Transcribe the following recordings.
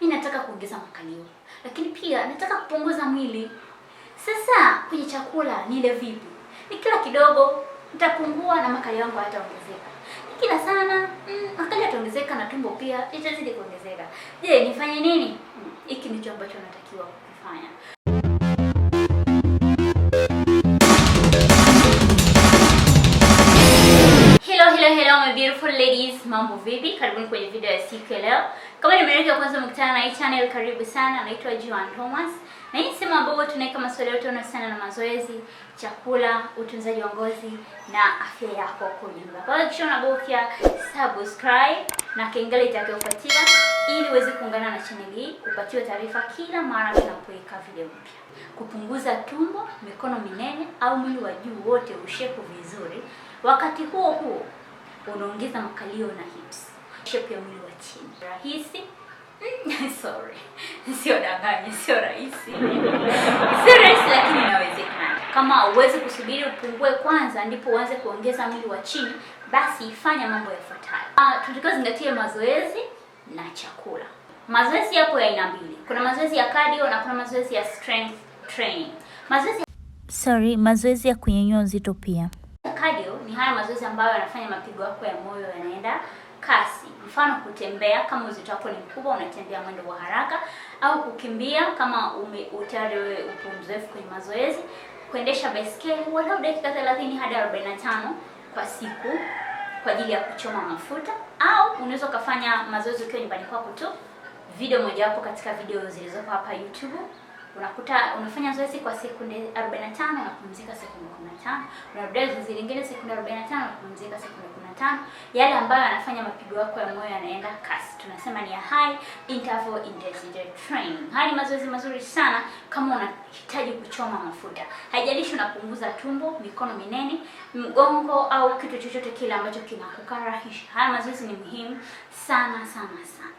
mimi nataka kuongeza makalio, lakini pia nataka kupunguza mwili. Sasa kwenye chakula nile vipi? Nikila kidogo nitapungua na makalio yangu hayataongezeka, nikila sana mm, makalio yataongezeka na tumbo pia itazidi kuongezeka. Je, nifanye nini? Mm, hiki mm, ndicho ambacho natakiwa kufanya. Hello, hello, hello my beautiful ladies, mambo vipi? Karibuni kwenye video ya siku ya leo. Kama ni nimerejea kwanza mkutana na hii channel, karibu sana. Naitwa Joan Thomas na hii sehemu ambapo tunaweka masuala yote yanayohusiana na mazoezi, chakula, utunzaji wa ngozi na afya yako kwa ujumla. Pale kisha unabofya subscribe na kengele itakayofuatia ili uweze kuungana na channel hii kupatiwa taarifa kila mara tunapoweka video mpya. Kupunguza tumbo, mikono minene au mwili wa juu wote ushepu vizuri, wakati huo huo unaongeza makalio na hips shape ya mwili wa chini rahisi sorry, sio danganya, sio rahisi sio rahisi, lakini inawezekana. Kama uwezi kusubiri upungue kwanza ndipo uanze kuongeza mwili wa chini, basi ifanya mambo yafuatayo. Tutakazingatia mazoezi na chakula. Mazoezi yapo ya aina mbili, kuna mazoezi ya cardio na kuna mazoezi ya strength training. Mazoezi sorry, mazoezi ya kunyanyua uzito pia. Cardio ni haya mazoezi ambayo yanafanya mapigo yako ya moyo yanaenda kasi, mfano kutembea kama uzito wako ni mkubwa, unatembea mwendo wa haraka, au kukimbia kama utayari wewe upo mzoefu kwenye mazoezi, kuendesha baiskeli walau dakika 30 hadi 45 kwa siku kwa ajili ya kuchoma mafuta, au unaweza ukafanya mazoezi ukiwa nyumbani kwako tu. Video moja wapo katika video zilizopo hapa YouTube unakuta unafanya zoezi kwa sekunde 45 na kupumzika sekunde 15, unarudia zoezi lingine sekunde 45 na kupumzika sekunde 15. Yale ambayo anafanya mapigo yako ya moyo yanaenda kasi, tunasema ni high interval intensity training. Haya ni mazoezi mazuri sana kama unahitaji kuchoma mafuta, haijalishi unapunguza tumbo, mikono minene, mgongo au kitu chochote kile ambacho kinakukarahisha. Haya mazoezi ni muhimu sana sana sana.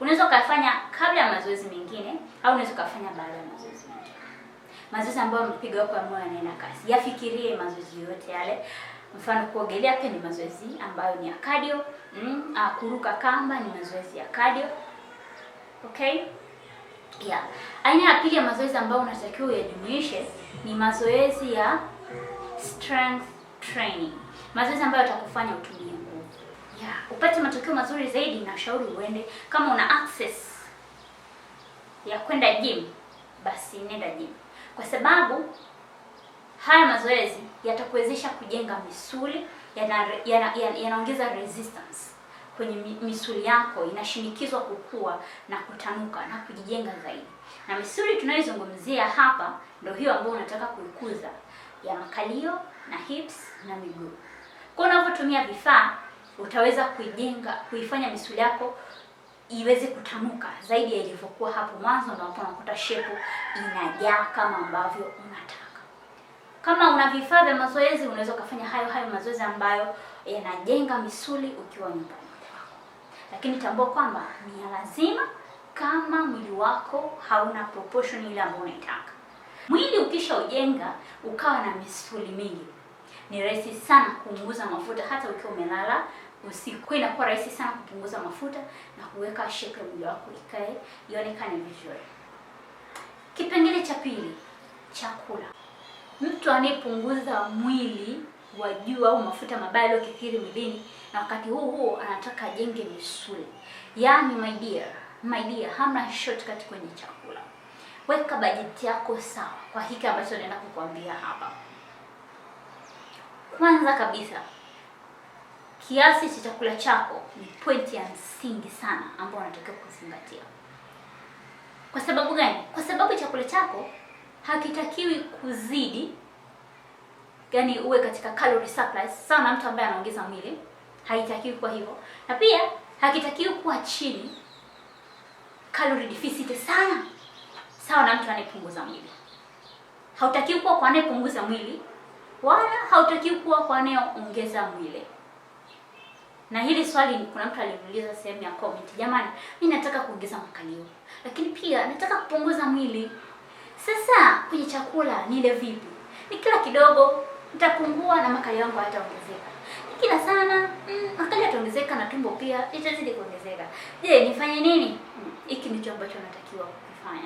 Unaweza ukafanya kabla ya mazoezi mengine au unaweza ukafanya baada ya mazoezi mengine. Mazoezi ambayo mpiga wako wa moyo yanaenda kasi, yafikirie mazoezi yote yale. Mfano kuogelea pia ni mazoezi ambayo ni ya cardio, mm, a, ah, kuruka kamba ni mazoezi ya cardio. Okay? Yeah. Aina ya pili ya mazoezi ambayo unatakiwa uyajumuishe ni mazoezi ya strength training. Mazoezi ambayo yatakufanya utumie upate matokeo mazuri zaidi, nashauri uende. Kama una access ya kwenda gym, basi nenda gym, kwa sababu haya mazoezi yatakuwezesha kujenga misuli, yanaongeza yana, yana, yana resistance kwenye misuli yako, inashinikizwa kukua na kutanuka na kujijenga zaidi. Na misuli tunayozungumzia hapa ndio hiyo ambayo unataka kuikuza ya makalio na hips na miguu. Kwa unavyotumia vifaa utaweza kuijenga, kuifanya misuli yako iweze kutanuka zaidi ya ilivyokuwa hapo mwanzo, na hapo unakuta shepu inajaa kama ambavyo unataka. Kama una vifaa vya mazoezi, unaweza ukafanya hayo hayo mazoezi ambayo yanajenga misuli ukiwa nyumbani lakini tambua kwamba ni lazima kama mwili wako hauna proportion ile ambayo unaitaka. Mwili ukisha ujenga ukawa na misuli mingi, ni rahisi sana kuunguza mafuta hata ukiwa umelala usiku. Kwa inakuwa rahisi sana kupunguza mafuta na kuweka shape ya mwili wako ikae ionekane vizuri. Kipengele cha pili, chakula. Mtu anayepunguza mwili wa juu au mafuta mabaya yaliyokithiri mwilini na wakati huu huo anataka ajenge misuli, yaani my dear, my dear, hamna shortcut kwenye chakula. Weka bajeti yako sawa kwa hiki ambacho naenda kukuambia hapa. Kwanza kabisa kiasi cha chakula chako ni mm. pointi ya msingi sana ambayo unatakiwa kuzingatia. Kwa sababu gani? Kwa sababu chakula chako hakitakiwi kuzidi, yani uwe katika calorie surplus sana, mtu ambaye anaongeza mwili haitakiwi kuwa hivyo, na pia hakitakiwi kuwa chini calorie deficit sana sawa na mtu anayepunguza mwili. Hautakiwi kuwa kwa anayepunguza mwili wala hautakiwi kuwa kwa anayeongeza mwili na hili swali kuna mtu aliniuliza sehemu ya comment, jamani, mimi nataka kuongeza makalio lakini pia nataka kupunguza mwili. Sasa kwenye chakula nile vipi? Nikila kidogo nitapungua na makalio yangu hataongezeka, nikila sana mm, makalio yataongezeka na tumbo pia itazidi kuongezeka. Je, nifanye nini? Hiki mm, ndicho ambacho natakiwa kufanya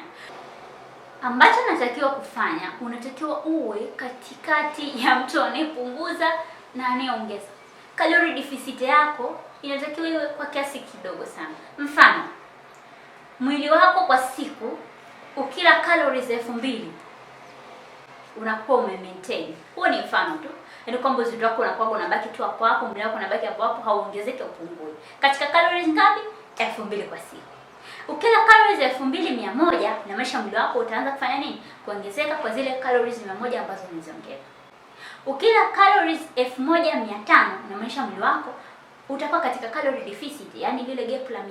ambacho natakiwa kufanya, unatakiwa uwe katikati ya mtu anayepunguza na anayeongeza kalori deficit yako inatakiwa iwe kwa kiasi kidogo sana. Mfano, mwili wako kwa siku ukila calories elfu mbili unakuwa ume maintain. Huo ni mfano tu, yaani kwamba uzito wako unakuwa unabaki tu hapo hapo, mwili wako unabaki hapo hapo, hauongezeki upungui. Katika calories ngapi? elfu mbili kwa siku. Ukila calories elfu mbili mia moja na maisha mwili wako utaanza kufanya nini? Kuongezeka kwa zile calories mia moja ambazo umeziongeza. Ukila calories 1500 unamaanisha mwili wako utakuwa katika calorie deficit, yani lile gap la 500,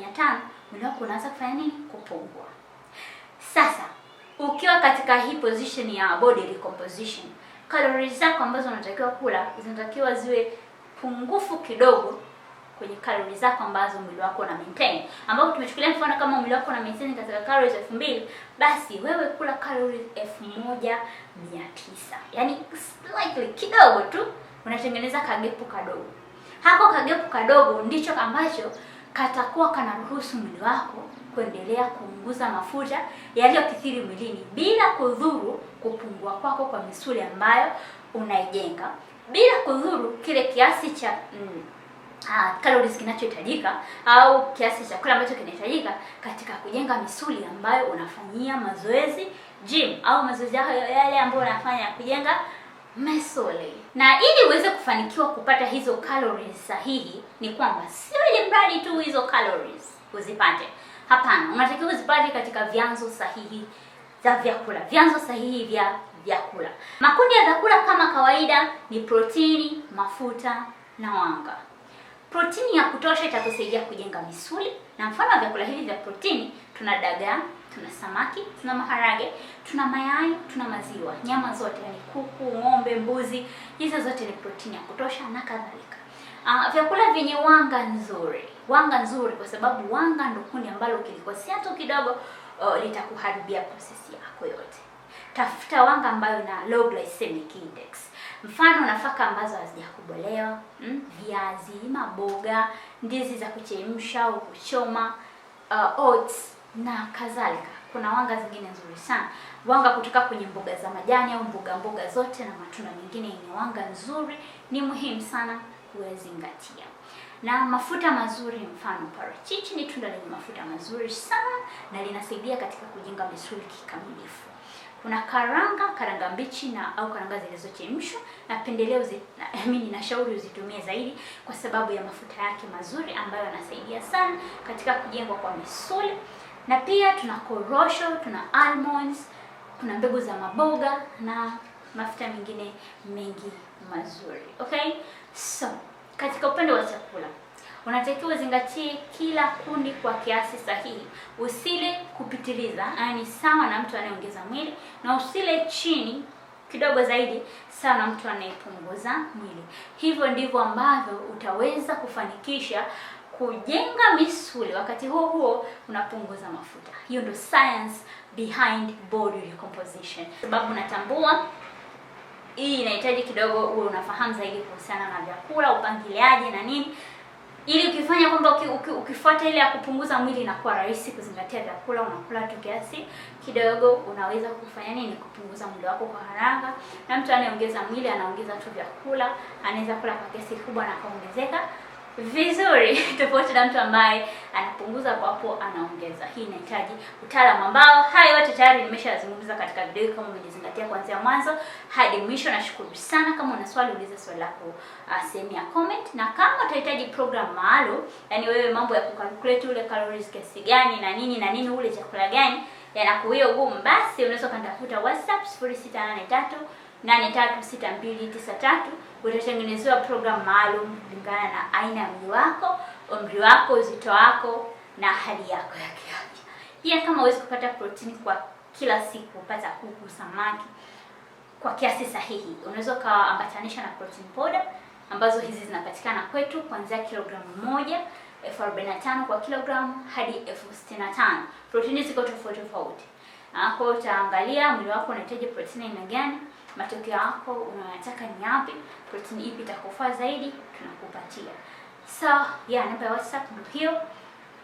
mwili wako unaanza kufanya nini? Kupungua. Sasa ukiwa katika hii position ya body recomposition, calories zako ambazo unatakiwa kula zinatakiwa ziwe pungufu kidogo kwenye calories zako ambazo mwili wako una maintain, ambapo tumechukulia mfano kama mwili wako una maintain katika calories 2000 basi wewe kula calories 1900 yani slightly kidogo tu unatengeneza kagepu kadogo. Hako kagepu kadogo ndicho ambacho katakuwa kanaruhusu mwili wako kuendelea kuunguza mafuta yaliyokithiri mwilini bila kudhuru kupungua kwako kwa misuli ambayo unaijenga bila kudhuru kile kiasi cha mm, calories ah, kinachohitajika au kiasi cha chakula ambacho kinahitajika katika kujenga misuli ambayo unafanyia mazoezi gym au mazoezi yale ambayo unafanya kujenga mesole. Na ili uweze kufanikiwa kupata hizo calories sahihi, ni kwamba sio ile mradi tu hizo calories uzipate. Hapana, unatakiwa uzipate katika vyanzo sahihi za vyakula, vyanzo sahihi vya vyakula. Makundi ya vyakula kama kawaida ni protini, mafuta na wanga. Protini ya kutosha itakusaidia kujenga misuli, na mfano wa vyakula hivi vya protini tuna dagaa, tuna samaki, tuna maharage, tuna mayai, tuna maziwa, nyama zote, yani kuku, ng'ombe, mbuzi, hizo zote ni protini ya kutosha na kadhalika. Uh, vyakula vyenye wanga nzuri, wanga nzuri, kwa sababu wanga ndo kundi ambalo ukilikosea tu kidogo uh, litakuharibia prosesi yako yote. Tafuta wanga ambayo ina low glycemic index mfano nafaka ambazo hazijakobolewa mm, viazi, maboga, ndizi za kuchemsha au kuchoma, uh, oats na kadhalika. Kuna wanga zingine nzuri sana, wanga kutoka kwenye mboga za majani au mboga mboga zote na matunda mengine yenye wanga nzuri ni muhimu sana kuyazingatia na mafuta mazuri, mfano parachichi ni tunda lenye mafuta mazuri sana na linasaidia katika kujenga misuli kikamilifu. Kuna karanga, karanga mbichi na au karanga zilizochemshwa. Napendelea mimi nashauri uzitumie zaidi kwa sababu ya mafuta yake mazuri ambayo yanasaidia sana katika kujengwa kwa misuli. Na pia tuna korosho, tuna almonds, kuna mbegu za maboga na mafuta mengine mengi mazuri. Okay? So, katika upande wa chakula unatakiwa uzingatie kila kundi kwa kiasi sahihi. Usile kupitiliza, yaani sawa na mtu anayeongeza mwili, na usile chini kidogo zaidi sawa na mtu anayepunguza mwili. Hivyo ndivyo ambavyo utaweza kufanikisha kujenga misuli wakati huo huo unapunguza mafuta. Hiyo ndio science behind body recomposition, sababu natambua hii inahitaji kidogo uwe unafahamu zaidi kuhusiana na vyakula, upangiliaji na nini ili ukifanya kwamba ukifuata ile ya kupunguza mwili inakuwa rahisi kuzingatia vyakula, unakula tu kiasi kidogo, unaweza kufanya nini kupunguza mwili wako kwa haraka. Na mtu anayeongeza mwili anaongeza tu vyakula, anaweza kula kwa kiasi kubwa na kaongezeka vizuri tofauti na mtu ambaye anapunguza kwapo anaongeza. Hii inahitaji utaalamu ambao hayo yote tayari nimeshazungumza katika video hii, kama umejizingatia kuanzia mwanzo hadi mwisho. Nashukuru sana. Kama una swali, uliza swali lako uh, sehemu ya comment, na kama utahitaji program maalum, yani wewe mambo ya kucalculate ule calories kiasi gani na nini na nini, ule chakula gani yanakuia ugumu, basi unaweza kanitafuta WhatsApp 0683 83629 utatengenezewa programu maalum kulingana na aina ya mwili wako, umri wako, uzito wako na hali yako ya kiafya. Pia kama huwezi kupata protini kwa kila siku, pata kuku, samaki kwa kiasi sahihi, unaweza ukaambatanisha na protein powder ambazo hizi zinapatikana kwetu kuanzia kilogramu moja elfu arobaini na tano kwa kilogramu hadi elfu sitini na tano. Protini ziko tofauti tofauti, ah, kwa hiyo utaangalia mwili wako unahitaji protini aina gani matokeo yako unayotaka ni yapi, protini ipi itakufaa zaidi, tunakupatia. So yeah, namba ya WhatsApp ndio hiyo.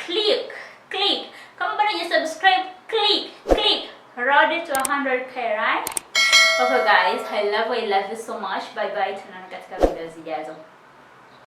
Click click, kama bado hujasubscribe click click, road to 100k right? Okay guys, I love I love you so much. Bye bye, tunaonana katika video zijazo.